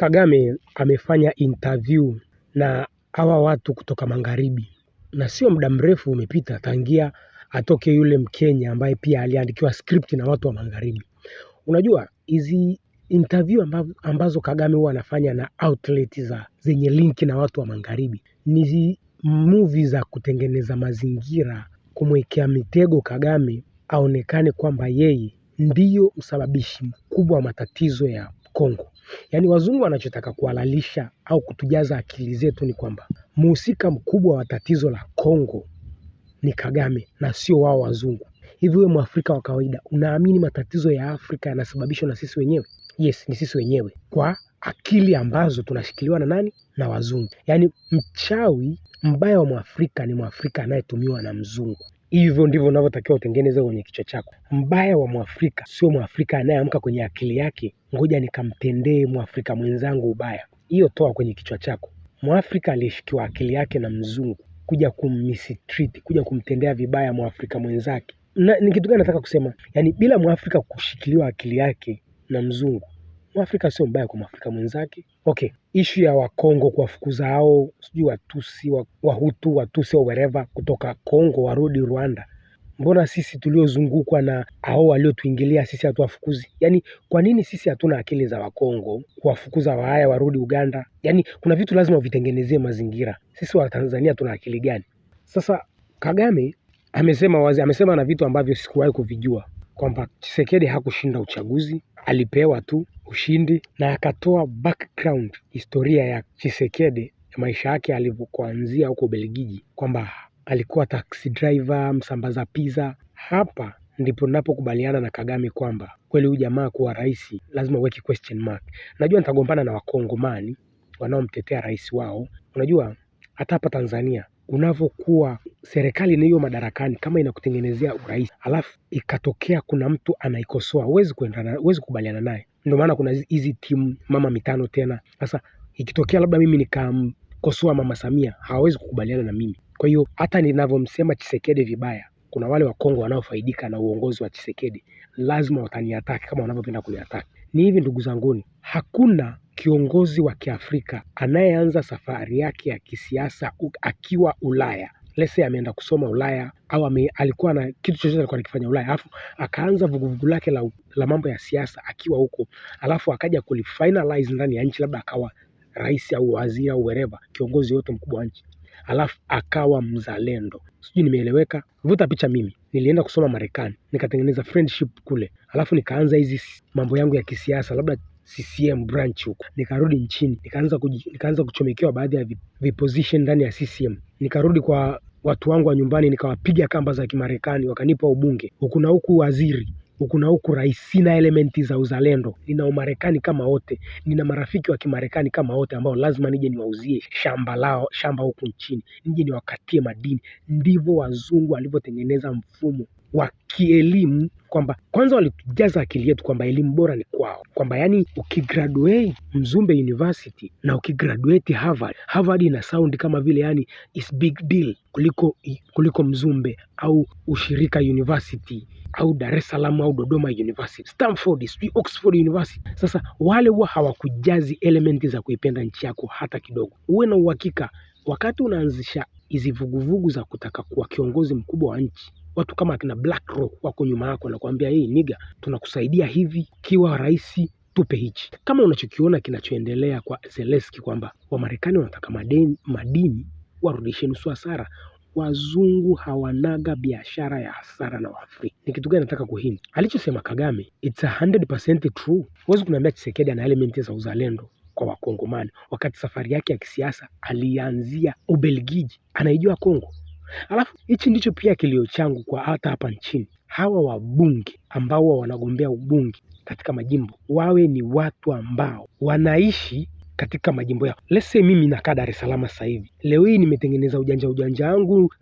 Kagame amefanya interview na hawa watu kutoka magharibi, na sio muda mrefu umepita tangia atoke yule Mkenya ambaye pia aliandikiwa script na watu wa magharibi. Unajua hizi interview ambazo Kagame huwa anafanya na outlet za zenye linki na watu wa magharibi ni movie za kutengeneza mazingira, kumwekea mitego Kagame aonekane kwamba yeye ndiyo msababishi mkubwa wa matatizo ya Kongo. Yaani wazungu wanachotaka kuhalalisha au kutujaza akili zetu ni kwamba mhusika mkubwa wa tatizo la Kongo ni Kagame na sio wao wazungu. Hivi wewe mwafrika wa kawaida unaamini matatizo ya Afrika yanasababishwa na sisi wenyewe? Yes, ni sisi wenyewe kwa akili ambazo tunashikiliwa na nani? Na wazungu. Yaani mchawi mbaya wa mwafrika ni mwafrika anayetumiwa na mzungu. Hivyo ndivyo unavyotakiwa utengeneze kwenye kichwa chako. Mbaya wa Mwafrika sio Mwafrika anayeamka kwenye akili yake, ngoja nikamtendee Mwafrika mwenzangu ubaya. Hiyo toa kwenye kichwa chako. Mwafrika aliyeshikiwa akili yake na mzungu kuja kumistreat, kuja kumtendea vibaya Mwafrika mwenzake, ni kitu gani nataka kusema? Yaani bila Mwafrika kushikiliwa akili yake na mzungu, Mwafrika sio mbaya kwa Mwafrika mwenzake, Okay, ishu ya Wakongo kuwafukuza hao sijui Watusi, Wahutu, Watusi au wherever kutoka Kongo warudi Rwanda, mbona sisi tuliozungukwa na hao waliotuingilia sisi hatuwafukuzi? Yaani kwa nini sisi hatuna akili za Wakongo kuwafukuza Wahaya warudi Uganda? Yaani kuna vitu lazima vitengenezie mazingira. Sisi Watanzania tuna akili gani? Sasa Kagame amesema wazi, amesema na vitu ambavyo sikuwahi kuvijua kwamba chisekedi hakushinda uchaguzi alipewa tu ushindi na akatoa background historia ya Chisekedi ya maisha yake alivyokuanzia huko Ubelgiji kwamba alikuwa taxi driver, msambaza pizza. Hapa ndipo ninapokubaliana na Kagame kwamba kweli huyu jamaa kuwa rais lazima uweke question mark. Najua nitagombana na Wakongomani wanaomtetea rais wao. Unajua hata hapa Tanzania unavyokuwa serikali ni hiyo madarakani, kama inakutengenezea urahisi, alafu ikatokea kuna mtu anaikosoa, huwezi kuendana, huwezi kukubaliana naye. Ndio maana kuna hizi timu mama mitano tena. Sasa ikitokea labda mimi nikamkosoa mama Samia, hawawezi kukubaliana na mimi. Kwa hiyo hata ninavyomsema Chisekedi vibaya, kuna wale Wakongo wanaofaidika na uongozi wa Chisekedi lazima wataniataki kama wanavyopenda kuniataki. Ni hivi ndugu zanguni, hakuna kiongozi wa kiafrika anayeanza safari yake ya kisiasa akiwa ulaya lese ameenda kusoma Ulaya au ame, alikuwa na kitu chochote alikuwa anakifanya Ulaya alafu akaanza vuguvugu lake la, la mambo ya siasa akiwa huko, alafu akaja kulifinalize ndani ya nchi, labda akawa rais au waziri au wereva kiongozi yote mkubwa wa nchi, alafu akawa mzalendo. Sijui nimeeleweka? Vuta picha mimi nilienda kusoma Marekani, nikatengeneza friendship kule, alafu nikaanza hizi mambo yangu ya kisiasa, labda CCM branch huko. Nikarudi nchini, nikaanza nikaanza kuchomekewa baadhi ya viposition ndani ya CCM. Nikarudi kwa watu wangu wa nyumbani, nikawapiga kamba za Kimarekani, wakanipa ubunge huku na huku waziri huku na huku rais, sina elementi za uzalendo. Nina umarekani kama wote, nina marafiki wa kimarekani kama wote, ambao lazima nije niwauzie shamba lao, shamba huku nchini, nije niwakatie madini. Ndivyo wazungu walivyotengeneza mfumo wa kielimu kwamba kwanza walitujaza akili yetu kwamba elimu bora ni kwao, kwamba yani ukigraduate Mzumbe University na ukigraduate Harvard, Harvard ina sound kama vile yani is big deal kuliko, kuliko Mzumbe au Ushirika University au Dar es Salaam au Dodoma University, Stanford, Oxford University. Sasa wale huwa hawakujazi elementi za kuipenda nchi yako hata kidogo. Uwe na uhakika wakati unaanzisha hizi vuguvugu za kutaka kuwa kiongozi mkubwa wa nchi watu kama akina BlackRock wako nyuma yako, kuambia hii niga, tunakusaidia hivi, kiwa rais tupe hichi. Kama unachokiona kinachoendelea kwa Zelensky kwamba Wamarekani wanataka madeni, madini warudishe nusu hasara. Wazungu hawanaga biashara ya hasara na Waafrika. Ni kitu gani nataka kuhini alichosema Kagame, it's percent true. Huwezi kuniambia Chisekedi ana elementi za uzalendo kwa Wakongomani, wakati safari yake ya kisiasa alianzia Ubelgiji, anaijua Kongo. Alafu hichi ndicho pia kilio changu kwa hata hapa nchini, hawa wabunge ambao wanagombea ubunge katika majimbo wawe ni watu ambao wanaishi katika majimbo yao. Let's say mimi nakaa Dar es Salaam sasa hivi, leo hii nimetengeneza ujanja ujanja wangu,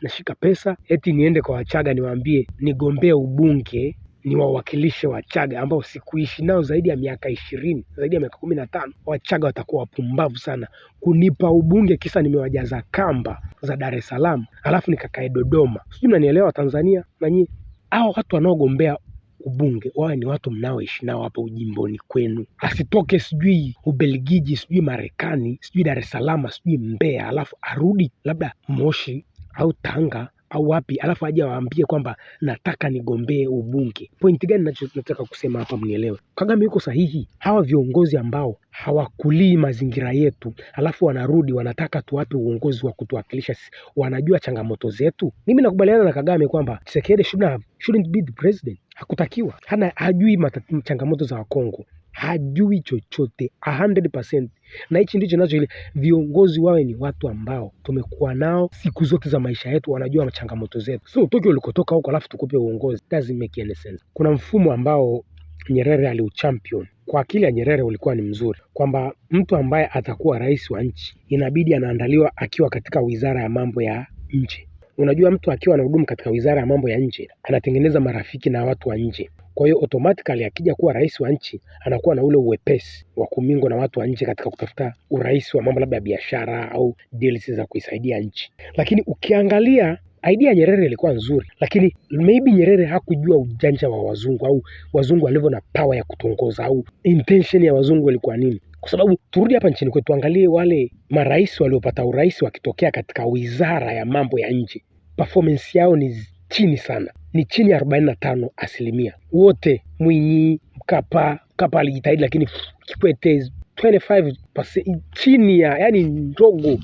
nashika pesa eti niende kwa Wachaga niwaambie nigombee ubunge ni wawakilishe Wachaga ambao sikuishi nao zaidi ya miaka ishirini, zaidi ya miaka kumi na tano. Wachaga watakuwa wapumbavu sana kunipa ubunge kisa nimewajaza kamba za Dar es Salaam alafu nikakae Dodoma. Sijui mnanielewa Tanzania nanyi. nyie. Hao watu wanaogombea ubunge wawe ni watu mnaoishi nao hapa ujimboni kwenu, asitoke sijui Ubelgiji, sijui Marekani, sijui Dar es Salaam, sijui Mbeya, alafu arudi labda Moshi au Tanga au wapi, alafu aje awaambie kwamba nataka nigombee ubunge. Pointi gani nataka kusema hapa, mnielewe. Kagame yuko sahihi. Hawa viongozi ambao hawakulii mazingira yetu, alafu wanarudi wanataka tuwape uongozi wa kutuwakilisha, wanajua changamoto zetu. Mimi nakubaliana na Kagame kwamba Tshisekedi shouldn't be the president, hakutakiwa, hana hajui changamoto za Wakongo hajui chochote 100%. Na hichi ndicho nacho ile viongozi wawe ni watu ambao tumekuwa nao siku zote za maisha yetu, wanajua changamoto zetu, so utoke ulikotoka huko alafu tukupe uongozi, doesn't make any sense. Kuna mfumo ambao Nyerere aliuchampion kwa akili ya Nyerere ulikuwa ni mzuri, kwamba mtu ambaye atakuwa rais wa nchi inabidi anaandaliwa akiwa katika wizara ya mambo ya nje. Unajua, mtu akiwa anahudumu katika wizara ya mambo ya nje anatengeneza marafiki na watu wa nje. Kwa hiyo automatically akija kuwa rais wa nchi anakuwa na ule uwepesi wa kumingwa na watu wa nje katika kutafuta urais wa mambo labda ya biashara au deals za kuisaidia nchi. Lakini ukiangalia idea ya Nyerere ilikuwa nzuri, lakini maybe Nyerere hakujua ujanja wa wazungu au wazungu walivyo na power ya kutongoza au intention ya wazungu ilikuwa nini, kwa sababu turudi hapa nchini kwetu, tuangalie wale marais waliopata urais wakitokea katika wizara ya mambo ya nje, performance yao ni chini sana, ni chini ya arobaini na tano asilimia. Wote Mwinyi, Mkapa, Mkapa alijitahidi lakini Kikwete 25% chini ya yani ndogo.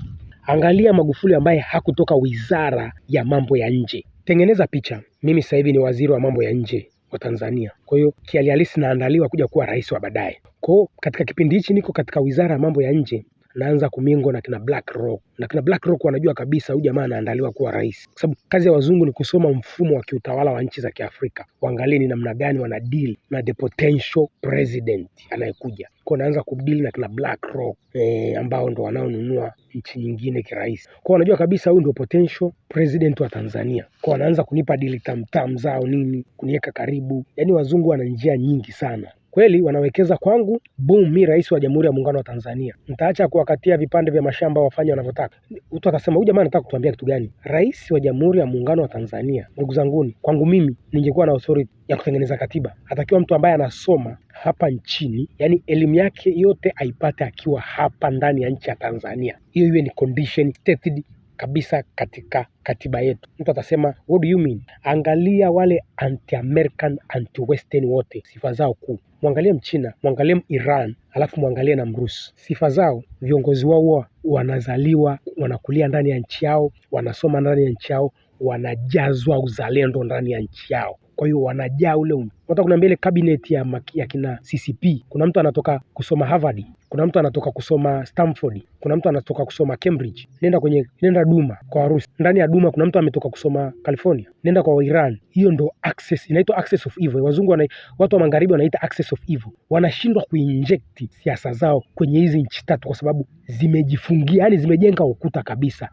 Angalia Magufuli ambaye hakutoka wizara ya mambo ya nje. Tengeneza picha, mimi sasa hivi ni waziri wa mambo ya nje wa Tanzania. Kwa hiyo kiali halisi naandaliwa kuja kuwa rais wa baadaye. Kwa hiyo katika kipindi hichi niko katika wizara ya mambo ya nje, naanza kumingwa na kina Black Rock, na kina Black Rock wanajua kabisa huyu jamaa anaandaliwa kuwa rais, kwa sababu kazi ya wazungu ni kusoma mfumo wa kiutawala wa nchi za Kiafrika, waangalie ni namna gani wana deal na the potential president anayekuja. Kwa naanza kubdili na kina Black Rock e, ambao ndo wanaonunua nchi nyingine kirahisi. Kwa wanajua kabisa huyu ndio potential president wa Tanzania. Kwa wanaanza kunipa dili tamtam zao nini, kuniweka karibu. Yaani wazungu wana njia nyingi sana kweli wanawekeza kwangu, boom, mi rais wa Jamhuri ya Muungano wa Tanzania, nitaacha kuwakatia vipande vya mashamba wafanye wanavyotaka. Mtu atasema huyu jamaa anataka kutuambia kitu gani? Rais wa Jamhuri ya Muungano wa Tanzania, ndugu zanguni, kwangu mimi ningekuwa na authority ya kutengeneza katiba, atakiwa mtu ambaye anasoma hapa nchini, yani elimu yake yote aipate akiwa hapa ndani ya nchi ya Tanzania. Hiyo iwe ni condition stated kabisa katika katiba yetu. Mtu atasema what do you mean? Angalia wale anti-American, anti-Western wote sifa zao kuu, mwangalie Mchina, mwangalie Iran, alafu mwangalie na Mrusi. Sifa zao, viongozi wao huwa wanazaliwa, wanakulia ndani ya nchi yao, wanasoma ndani ya nchi yao, wanajazwa uzalendo ndani ya nchi yao. Kwa hiyo wanajaa ule um. kuna mbele cabinet ya, ya kina CCP. Kuna mtu anatoka kusoma Harvard, kuna mtu anatoka kusoma Stanford, kuna mtu anatoka kusoma Cambridge. Nenda kwenye nenda Duma kwa Warusi. Ndani ya Duma kuna mtu ametoka kusoma California. Nenda kwa Iran. Hiyo ndo access inaitwa access of evil. Wazungu wana, watu wa magharibi wanaita access of evil. Wanashindwa kuinject siasa zao kwenye hizi nchi tatu kwa sababu zimejifungia, yani zimejenga ukuta kabisa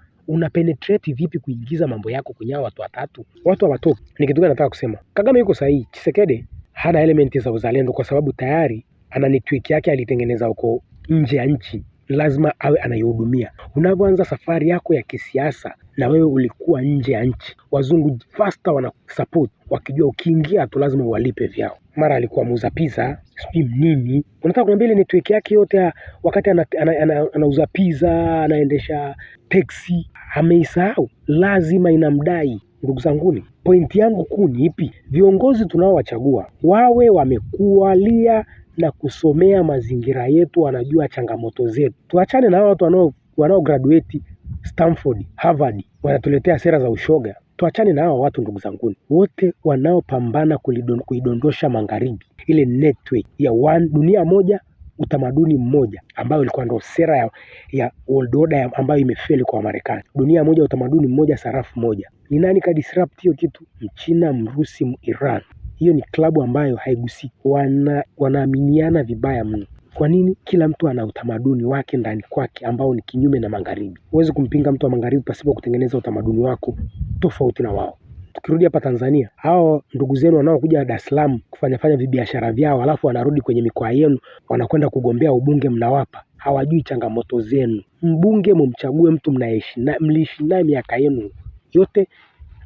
penetrate vipi kuingiza mambo yako kwenye watu watatu? Watu hawatoki. Ni kitu gani nataka kusema? Kagame yuko sahihi. Chisekede hana elementi za uzalendo, kwa sababu tayari ana network yake alitengeneza huko nje ya nchi, lazima awe anaihudumia. Unapoanza safari yako ya kisiasa, na wewe ulikuwa nje ya nchi. Wazungu fasta support wakijua ukiingia tu lazima uwalipe vyao. Mara alikuwa muuza pizza sijui nini, unataka kuniambia ile network yake yote wakati anauza ana, ana, ana pizza anaendesha teksi ameisahau? Lazima inamdai. Ndugu zanguni, pointi yangu kuu ni ipi? Viongozi tunaowachagua wawe wamekualia na kusomea mazingira yetu, wanajua changamoto zetu. Tuachane na watu wanao graduate Stanford, Harvard wanatuletea sera za ushoga. Tuachane na hawa watu ndugu zanguni, wote wanaopambana kuidondosha magharibi ile network ya one, dunia moja utamaduni mmoja ambayo ilikuwa ndo sera ya, ya old order ambayo imefeli kwa Wamarekani. Dunia moja utamaduni mmoja sarafu moja. Ni nani disrupt hiyo kitu? Mchina, Mrusi, Iran. Hiyo ni klabu ambayo haigusiki. Wana, wanaaminiana vibaya mno. Kwa nini? Kila mtu ana utamaduni wake ndani kwake ambao ni kinyume na magharibi. Huwezi kumpinga mtu wa magharibi pasipo kutengeneza utamaduni wako tofauti na wao. Tukirudi hapa Tanzania, hao ndugu zenu wanaokuja Dar es Salaam kufanya fanya vibiashara vyao alafu wanarudi kwenye mikoa yenu wanakwenda kugombea ubunge mnawapa. Hawajui changamoto zenu. Mbunge mumchague mtu mnaishi na mliishi naye miaka yenu yote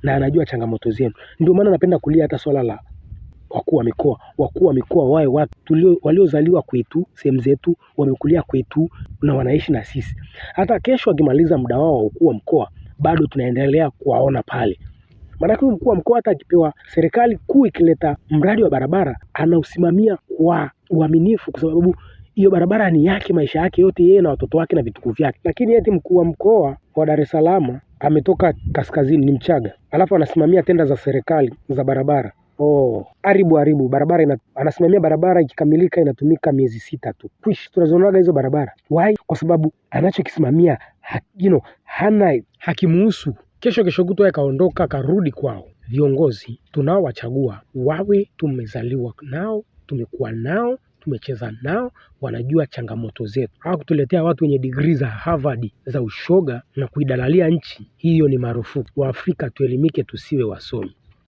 na anajua changamoto zenu. Ndio maana napenda kulia hata swala la wakuu wa mikoa, wakuu wa mikoa wae watu waliozaliwa kwetu, sehemu zetu, wamekulia kwetu na wanaishi na sisi. Hata kesho akimaliza muda wao wa ukuu wa mkoa, bado tunaendelea kuwaona pale. Maanake huyu mkuu wa mkoa hata akipewa, serikali kuu ikileta mradi wa barabara, anausimamia kwa uaminifu, kwa sababu hiyo barabara ni yake, maisha yake yote, yeye na watoto wake na vitukuu vyake. Lakini eti mkuu wa mkoa wa Dar es Salaam ametoka kaskazini, ni Mchaga, alafu anasimamia tenda za serikali za barabara. Oh, haribu haribu barabara ina, anasimamia barabara ikikamilika inatumika miezi sita tu. Kwish, Tunazonaga hizo barabara. Why? Kwa sababu anachokisimamia ha, you know, hana hakimuhusu. Kesho kesho kutwa akaondoka akarudi kwao. Viongozi tunaowachagua wawe tumezaliwa nao, tumekuwa nao tumecheza nao, wanajua changamoto zetu. Hawakutuletea watu wenye digrii za Harvard za ushoga na kuidalalia nchi, hiyo ni marufuku. Waafrika tuelimike, tusiwe wasomi.